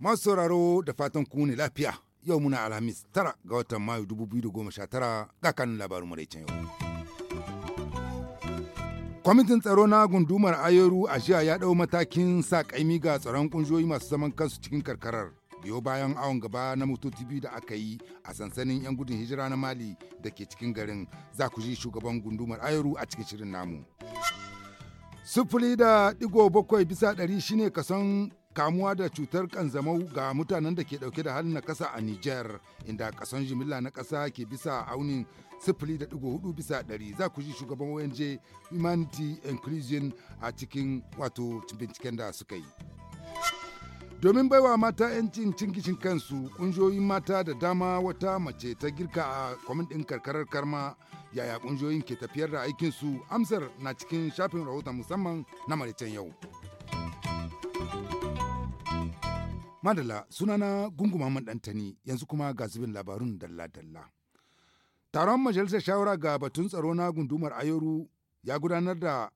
Masu sauraro da fatan ku ne lafiya. Yau muna Alhamis tara ga watan Mayu 2019 ga kanin labarin maraicin yau. Kwamitin tsaro na gundumar Ayoru a jiya ya ɗau matakin sa ƙaimi ga tsaron ƙungiyoyi masu zaman kansu cikin karkarar. biyo bayan awon gaba na motoci biyu da aka yi a sansanin 'yan gudun hijira na mali da ke cikin garin za ku ji shugaban gundumar ayaru a cikin shirin namu sufuri da digo bakwai bisa ɗari shine kason kamuwa da cutar kanzamau ga mutanen da ke dauke da halin na kasa a niger inda kason jimilla na kasa ke bisa aunin sifili da digo hudu bisa ɗari za ku ji shugaban ong humanity inclusion a cikin wato binciken da suka yi. Domin baiwa mata 'yancin cin gishin kansu, ƙungiyoyin mata da dama wata mace ta girka a kwamin karkarar karma yaya kungiyoyin ke tafiyar da aikinsu amsar na cikin shafin rahoton musamman na maricen yau. Madala sunana gunguma man yanzu kuma ga zubin labarun dalla-dalla. Taron majalisar shawara ga batun tsaro na gundumar Ayoru ya gudanar da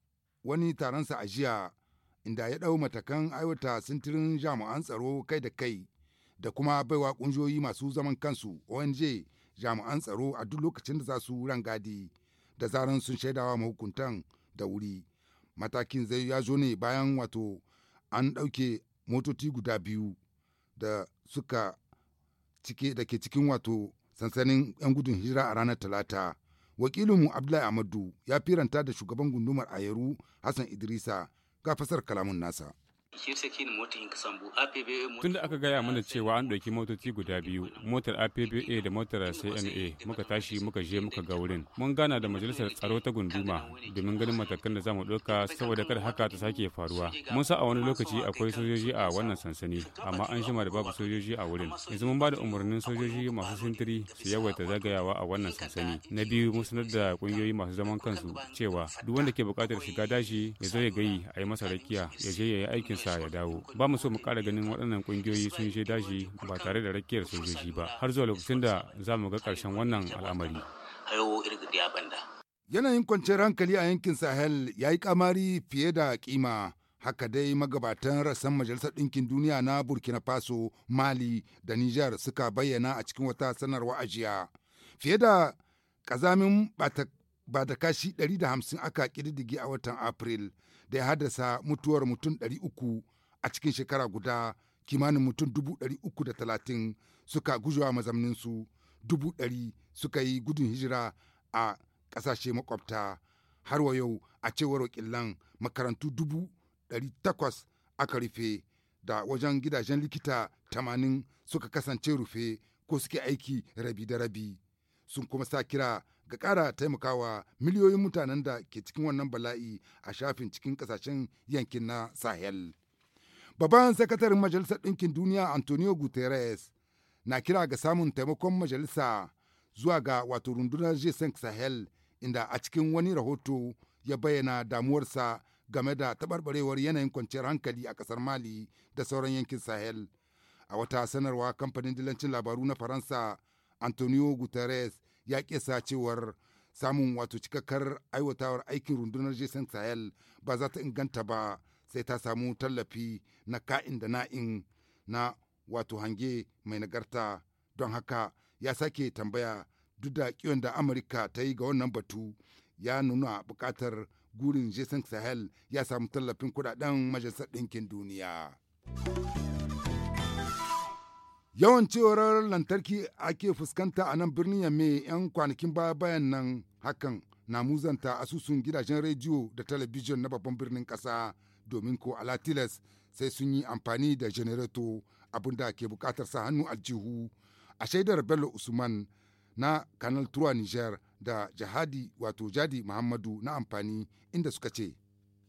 wani taronsa a jiya inda ya ɗau matakan aiwata sintirin jami'an tsaro kai da kai da kuma baiwa ƙungiyoyi masu zaman kansu ONG jami'an tsaro a duk lokacin da za su rangadi da zaran sun shaidawa mahukuntan da wuri. Matakin zai ya zo ne bayan wato an ɗauke motoci guda biyu da suka cike da ke cikin wato sansanin 'yan gudun hijira a ranar talata wakilinmu abdullahi amadu ya firanta da shugaban gundumar ayaru hassan idrisa ga fasar kalamun nasa. tun da aka gaya mana cewa an ɗauki motoci guda biyu, motar APBA da motar CMA muka tashi muka je muka ga wurin. Mun gana da majalisar tsaro ta gunduma domin ganin matakan da za mu ɗauka saboda kada haka ta sake faruwa. Mun sa a wani lokaci akwai sojoji a wannan sansani, amma an shima da babu sojoji a wurin. Yanzu mun ba da umarnin sojoji masu sintiri su yawaita zagayawa a wannan sansani. Na biyu mun sanar da ƙungiyoyi masu zaman kansu cewa duk wanda ke buƙatar shiga daji ya zo ya gayi a yi masa rakiya ya je ya yi aikin sa ya dawo ba mu so mu kara ganin waɗannan ƙungiyoyi sun je daji ba tare da rakiyar sojoji ba har zuwa lokacin da za mu ga ƙarshen wannan al'amari yanayin kwanciyar hankali a yankin sahel ya yi kamari fiye da kima haka dai magabatan rassan majalisar ɗinkin duniya na burkina faso mali da niger suka bayyana a cikin wata sanarwa ajiya fiye da ƙazamin batak ba da kashi 150 aka kididdige a watan Afril da ya haddasa mutuwar mutum 300 a cikin shekara guda kimanin mutum 330 suka gujewa mazamninsu 100 suka yi gudun hijira a ƙasashe makwabta har wa yau a cewar wakilan makarantu 800 aka rufe da wajen gidajen likita 80 suka kasance rufe ko suke aiki rabi da rabi sun kuma sa kira ga ƙara taimakawa miliyoyin mutanen da ke cikin wannan bala'i a shafin cikin kasashen yankin na Sahel. Babban sakataren Majalisar Ɗinkin Duniya Antonio Guterres na kira ga samun taimakon majalisa zuwa ga wato rundunar g Sahel inda a cikin wani rahoto ya bayyana damuwarsa game da taɓarɓarewar yanayin kwanciyar hankali a ƙasar Mali da sauran yankin Sahel. A wata sanarwa kamfanin dilancin labaru na Faransa, Antonio Guterres ya kesa cewar samun wato cikakkar aiwatawar aikin rundunar jason sahel ba za ta inganta ba sai ta samu tallafi na ka'in da na'in na wato hange mai nagarta don haka ya sake tambaya duk da kiwon da amurka ta yi ga wannan batu ya nuna bukatar gurin jason sahel ya samu tallafin kudaden majalisar ɗinkin duniya. Yawan cewar lantarki ake fuskanta a nan birnin Yamme 'yan kwanakin baya bayan nan hakan na muzanta asusun gidajen rediyo da talabijin na babban birnin ƙasa domin ko alatilas sai sun yi amfani da janareto abinda ke buƙatar sa hannu aljihu a shaidar Bello Usman na Canal Trois Niger da Jihadi wato Jadi Muhammadu na amfani inda suka ce.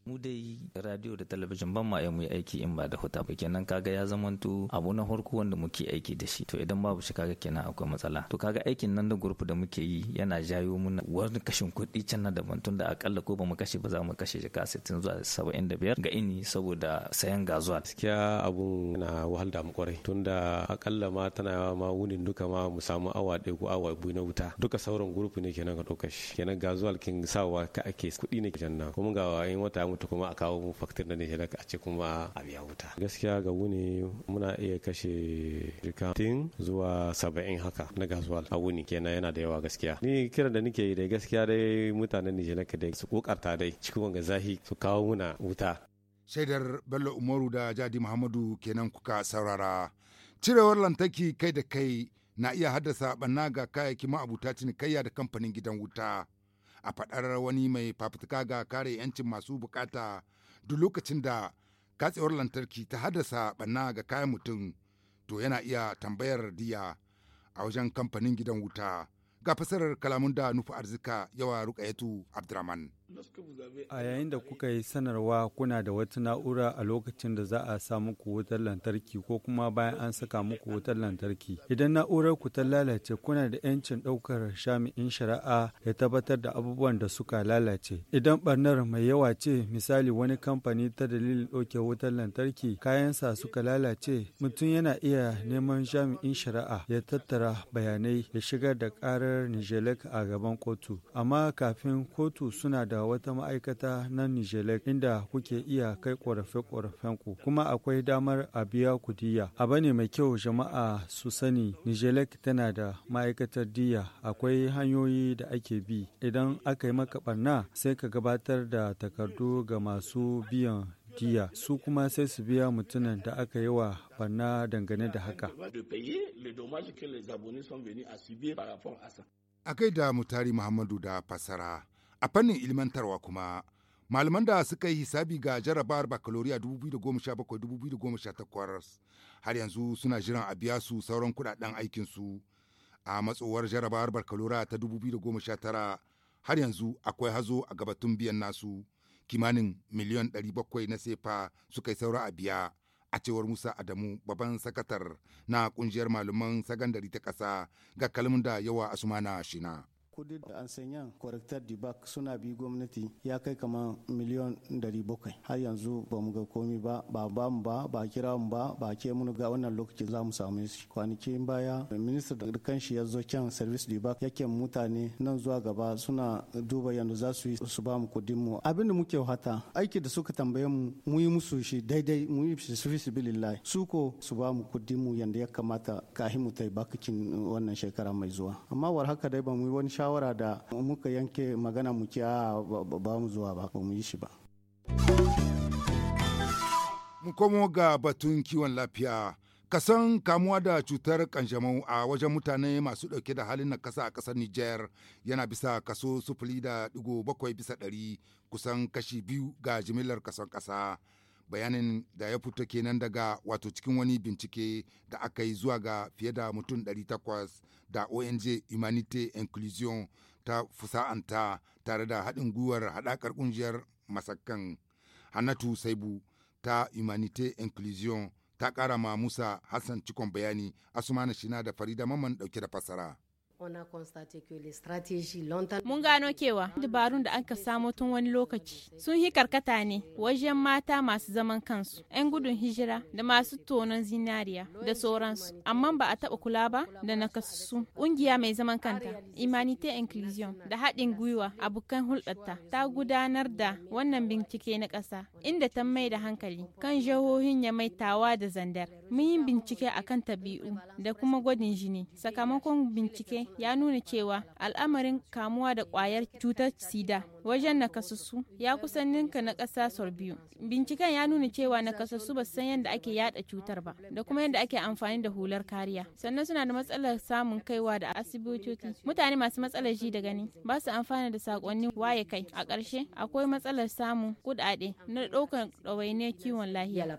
mu dai radio da talabijin ban ma mu yi aiki in ba da huta ba kenan kaga ya zamanto abu na farko wanda muke aiki da shi to idan babu shi kaga kenan akwai matsala to kaga aikin nan da gurfu da muke yi yana jayo muna wani kashin kuɗi can na daban tun da akalla ko ba mu kashe ba za mu kashe jaka 60 zuwa 75 ga ini saboda sayan gazuwa gaskiya abun na wahal da mu kwarai tun da akalla ma tana ma wunin duka ma mu samu awa ɗaya ko awa biyu na wuta duka sauran gurfu ne kenan ka ɗauka shi kenan gazuwa kin sawa ka ake kuɗi ne kenan kuma ga in wata mu wuta kuma a kawo faktir na nishe a ce kuma a biya wuta gaskiya ga wuni muna iya kashe jika tun zuwa saba'in haka na gaswal a wuni kenan yana da yawa gaskiya ni kiran da nake yi da gaskiya dai mutanen na dai su kokarta dai cikin wanga zahi su kawo muna wuta shaidar bello umaru da jadi muhammadu kenan kuka saurara cirewar lantarki kai da kai na iya haddasa ɓanna ga kayayyaki ma'abuta cinikayya da kamfanin gidan wuta a faɗar wani mai fafutuka ga kare 'yancin masu bukata duk lokacin da katsewar lantarki ta haddasa ɓanna ga kayan mutum to yana iya tambayar diya a wajen kamfanin gidan wuta ga fasarar kalamun da nufi arzika yawa rukayatu abdurrahman A yayin da kuka yi sanarwa kuna da wata na'ura a lokacin da za a sa muku wutar lantarki ko kuma bayan an saka muku wutar lantarki. Idan na'urar ku ta lalace kuna da 'yancin ɗaukar shami'in shari'a ya tabbatar da abubuwan da suka lalace. Idan ɓarnar mai yawa ce misali wani kamfani ta dalilin ɗauke wutar lantarki kayansa suka lalace mutum yana iya neman shami'in shari'a ya tattara bayanai ya shigar da ƙarar Nijelek a gaban kotu. Amma kafin kotu suna da da wata ma'aikata na Nijelek inda kuke iya kai ƙorafe-ƙorafen ku kuma akwai damar a biya ku diya. Abu ne mai kyau jama'a su sani Nijelek tana da ma'aikatar diya akwai hanyoyi da ake bi idan aka yi maka barna sai ka gabatar da takardu ga masu biyan diya su kuma sai su biya mutumin da aka yi wa barna dangane da haka. A kai da mutari Muhammadu da fasara. A fannin ilimantarwa kuma, malaman da suka yi hisabi ga jarabawar bakaloriya 2017-2018 har yanzu suna jiran a biya su sauran kudaden aikinsu a matsowar jarabar bakaloriya ta 2019 har yanzu akwai hazo a gabatun biyan nasu kimanin miliyan 700 na sefa suka yi saura a biya a cewar musa adamu babban sakatar na kungiyar malaman sakandare ta ƙasa ga kalmun da yawa asumana shina. kudin sanya corrector di bac suna bi gwamnati ya kai kama miliyon 700 har yanzu ba mu ga komi ba ba ba mu ba ba kira mu ba ba ke mun ga wannan lokaci za mu samu shi kwanakin baya minista da kanshi ya zo kyan service di bac yake mutane nan zuwa gaba suna duba yanzu za su yi su ba mu kudin mu abin da muke hata aiki da suka tambaye mu mu yi musu shi daidai mu yi shi su billahi su ko su ba mu kudin mu yanda ya kamata kahin mu ta yi wannan shekara mai zuwa amma war haka dai ba mu yi wani shawara da muka yanke magana mu ce ba mu zuwa ba ba mu yi shi ba mu komo ga batun kiwon lafiya kasan kamuwa da cutar kanjamau a wajen mutane masu dauke da halin nakasa a ƙasar Nijar yana bisa kaso sufuri da digo bakwai bisa ɗari kusan kashi biyu ga jimillar kason ƙasa. bayanin da ya fito kenan daga wato cikin wani bincike da aka yi zuwa ga fiye da mutum 800 da ONG humanity Inclusion ta fusa'anta tare da haɗin gwiwar haɗakar ƙungiyar masakan Hannatu Saibu ta humanity Inclusion ta ƙara ma Musa Hassan cikon bayani Asumana Shina da Farida mamman ɗauke da fasara. Mun gano kewa dabarun da aka samo tun wani lokaci sun yi karkata ne wajen mata masu zaman kansu, 'yan gudun hijira da masu tonon zinariya da sauransu, amma ba a taɓa kula ba da nakasassu. Ƙungiya mai zaman kanta, Imanite Inclusion da haɗin gwiwa abokan hulɗarta ta gudanar da wannan bincike na ƙasa inda ta mai da hankali kan jihohin ya mai tawa da zandar. Mun yi bincike akan tabi'u da kuma gwadin jini sakamakon bincike ya nuna cewa al'amarin kamuwa da kwayar cutar sida wajen nakasassu ya kusan ninka na ƙasa sau biyu. Binciken ya nuna cewa nakasassu ba san yadda ake yada cutar ba da kuma yadda ake amfani da hular kariya. Sannan suna da matsalar samun kaiwa da asibitoci. Mutane masu matsalar ji da gani ba su amfana da sakonnin waye kai. A ƙarshe akwai matsalar samun kuɗaɗe na ɗaukar ɗawainiyar kiwon lahiya.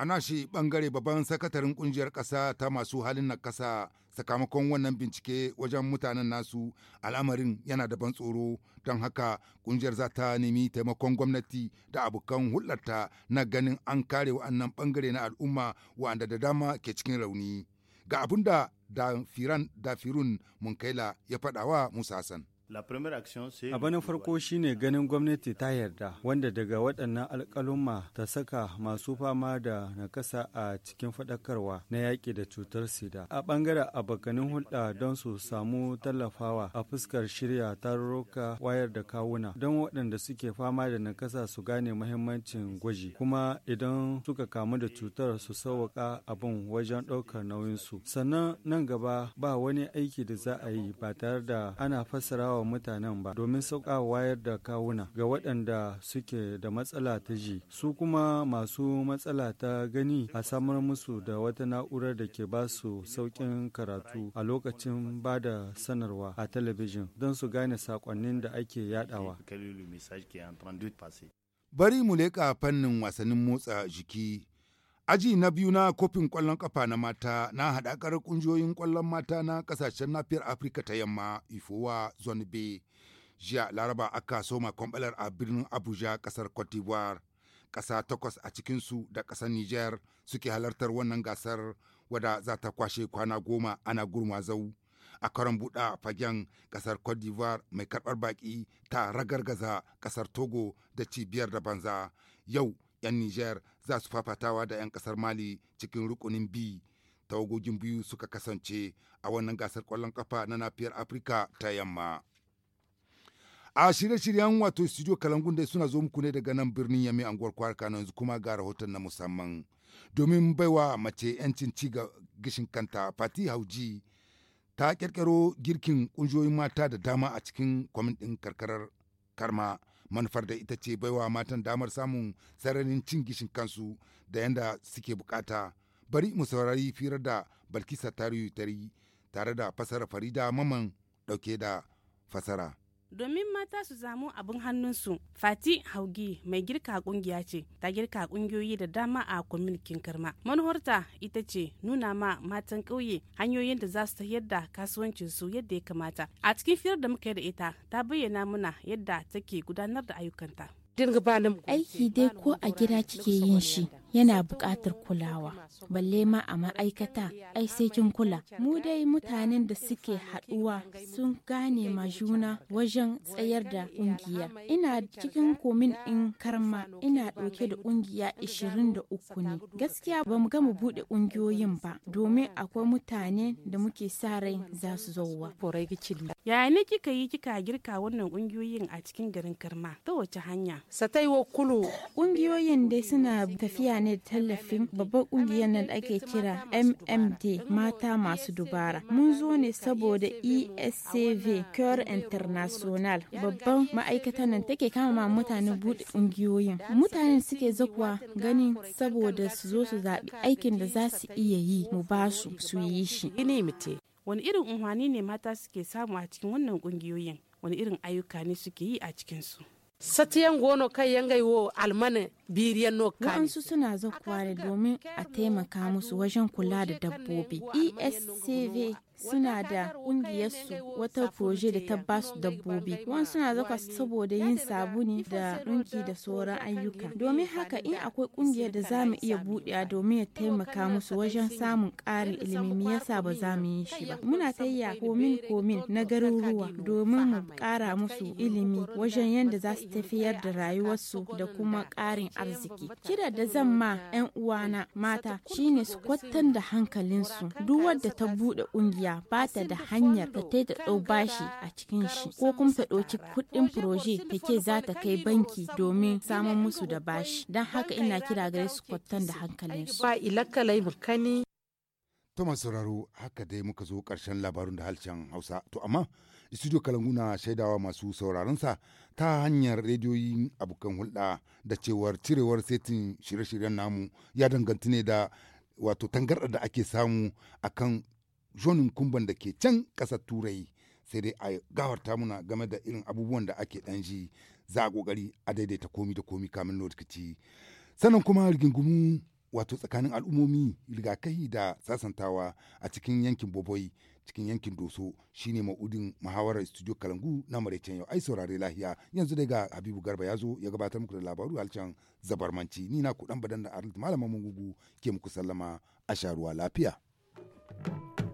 ana shi bangare babban sakataren kungiyar ƙasa ta masu halin na ƙasa sakamakon wannan bincike wajen mutanen nasu al'amarin yana da ban tsoro don haka kungiyar za ta nemi taimakon gwamnati da abokan hulɗarta na ganin an kare wa'annan bangare na al'umma wa'anda da dama ke cikin rauni ga abin da firun munkaila ya faɗawa musa hassan Abu na farko shine ganin gwamnati ta yarda wanda daga waɗannan alƙaluma ta saka masu fama da nakasa a cikin faɗakarwa na yaƙi da cutar sida. A ɓangaren abokanin hulɗa don su samu tallafawa a fuskar shirya ta tarurruka wayar da kawuna don waɗanda suke fama da nakasa su gane muhimmancin gwaji kuma idan suka kamu da cutar su sauwaƙa abin wajen ɗaukar nauyinsu. Sannan nan gaba ba wani aiki da za a yi ba tare da ana fassarawa wa mutanen ba domin sauka wayar da kawuna ga waɗanda suke da matsala ta ji su kuma masu matsala ta gani a samar musu da wata na'urar da ke ba su sauƙin karatu a lokacin ba da sanarwa a talabijin don su gane saƙonnin da ake yadawa. Bari mu leƙa fannin wasannin motsa jiki Aji na biyu na kofin kwallon ƙafa na mata na haɗakar ƙungiyoyin ƙwallon mata na ƙasashen nafiyar Afirka ta yamma Ifowa Zone B. Jiya Laraba aka soma kwambalar a birnin Abuja ƙasar Cote d'Ivoire. Ƙasa takwas a cikinsu da ƙasar Niger suke halartar wannan gasar wada za ta kwashe kwana goma ana gurmazau. A karon buɗa fagen ƙasar Cote d'Ivoire mai karɓar baƙi ta ragargaza ƙasar Togo da cibiyar da banza. Yau 'yan Niger za su fafatawa da 'yan kasar mali cikin rukunin bi tawagogin biyu suka kasance a wannan gasar kwallon kafa na nafiyar afirka ta yamma a shirye-shiryen wato studio kalangun dai suna zo muku ne daga nan birnin yami anguwar kano yanzu kuma ga rahoton na musamman domin baiwa mace 'yancin ci ga gishin kanta fati hauji ta kirkiro girkin kungiyoyin mata da dama a cikin kwamitin karkarar karma manufar da ita ce baiwa matan damar samun sararin cin gishin kansu da yadda suke bukata bari mu saurari firar da balkisa tarihi tare da fasara farida maman dauke da fasara domin mata su samu abin hannunsu fati haugi mai girka kungiya ce ta girka kungiyoyi da dama a kwamitin karma manuwarta ita ce nuna ma matan ƙauye hanyoyin da za su tafiyar da kasuwancin su yadda ya kamata a cikin fiyar da muka yi da ita ta bayyana mana yadda take gudanar da ayyukanta aiki dai ko a gida kike yin shi yana buƙatar kulawa balle ma a ma'aikata ai sai kin kula mu dai mutanen da suke haɗuwa sun gane ma juna wajen tsayar da ƙungiya ina cikin komin in karma ina ɗauke da ƙungiya 23 ne gaskiya ba mu gama buɗe ƙungiyoyin ba domin akwai mutane da muke sa rai za su zauwa yaya ne kika yi kika girka wannan ƙungiyoyin a cikin garin karma ta wace hanya taiwo kulu ƙungiyoyin dai suna tafiya muna ne tallafin babbar ƙungiyar nan ake kira mmd mata masu dubara mun zo ne saboda escv cure international babban ma'aikatan nan take kama mutane buɗe kungiyoyin mutanen suke zakuwa ganin saboda su zo su zaɓi aikin da za su iya yi mu ba su su yi shi wani irin unhwani ne mata suke samu a cikin wannan ƙungiyoyin wani irin ayyuka ne suke yi a cikinsu satiyan gono kai yangai wo almane biriyan no kai su suna zakuwa ne domin a taimaka musu wajen kula da dabbobi escv suna da ƙungiyarsu wata proje da ta ba su dabbobi wani suna zaka saboda yin sabuni da ɗinki da sauran ayyuka domin haka in akwai ƙungiyar da za mu iya buɗewa domin ya taimaka musu wajen samun ƙarin ilimi me yasa ba za mu yi shi ba muna tayya komin komin na garuruwa domin mu ƙara musu ilimi wajen yadda za su tafiyar da rayuwarsu da kuma ƙarin arziki kira da zan ma 'yan uwana mata shine su kwattan da hankalinsu duk wadda ta buɗe ƙungiya ya ba da hanyar da ta da bashi a cikin shi ko kuma ta ɗauki kuɗin furoje ta ke za ta kai banki domin samun musu da bashi don haka ina kira gare su kwatan da hankalin su. ba hankalinsu. Thomas Sauraro haka dai muka zo ƙarshen labarun da harshen Hausa. To amma studio kalanguna na shaidawa masu sauraron sa ta hanyar rediyoyin abokan hulɗa da cewar cirewar setin shirye-shiryen namu ya danganta ne da wato tangarɗa da ake samu akan jonin kumban da ke can ƙasar turai sai dai a gawarta muna game da irin abubuwan da ake ɗan ji za a ƙoƙari a daidaita komi da komi kamin lokaci sannan kuma rigingumu wato tsakanin al'ummomi rigakahi da sasantawa a cikin yankin boboi cikin yankin doso shine ma'udin muhawarar studio kalangu na maraicen yau ai saurare lahiya yanzu dai ga habibu garba ya zo ya gabatar muku da labaru halcan zabarmanci ni na kuɗan badan da arlit malamin gugu ke muku sallama a sharuwa lafiya. thank you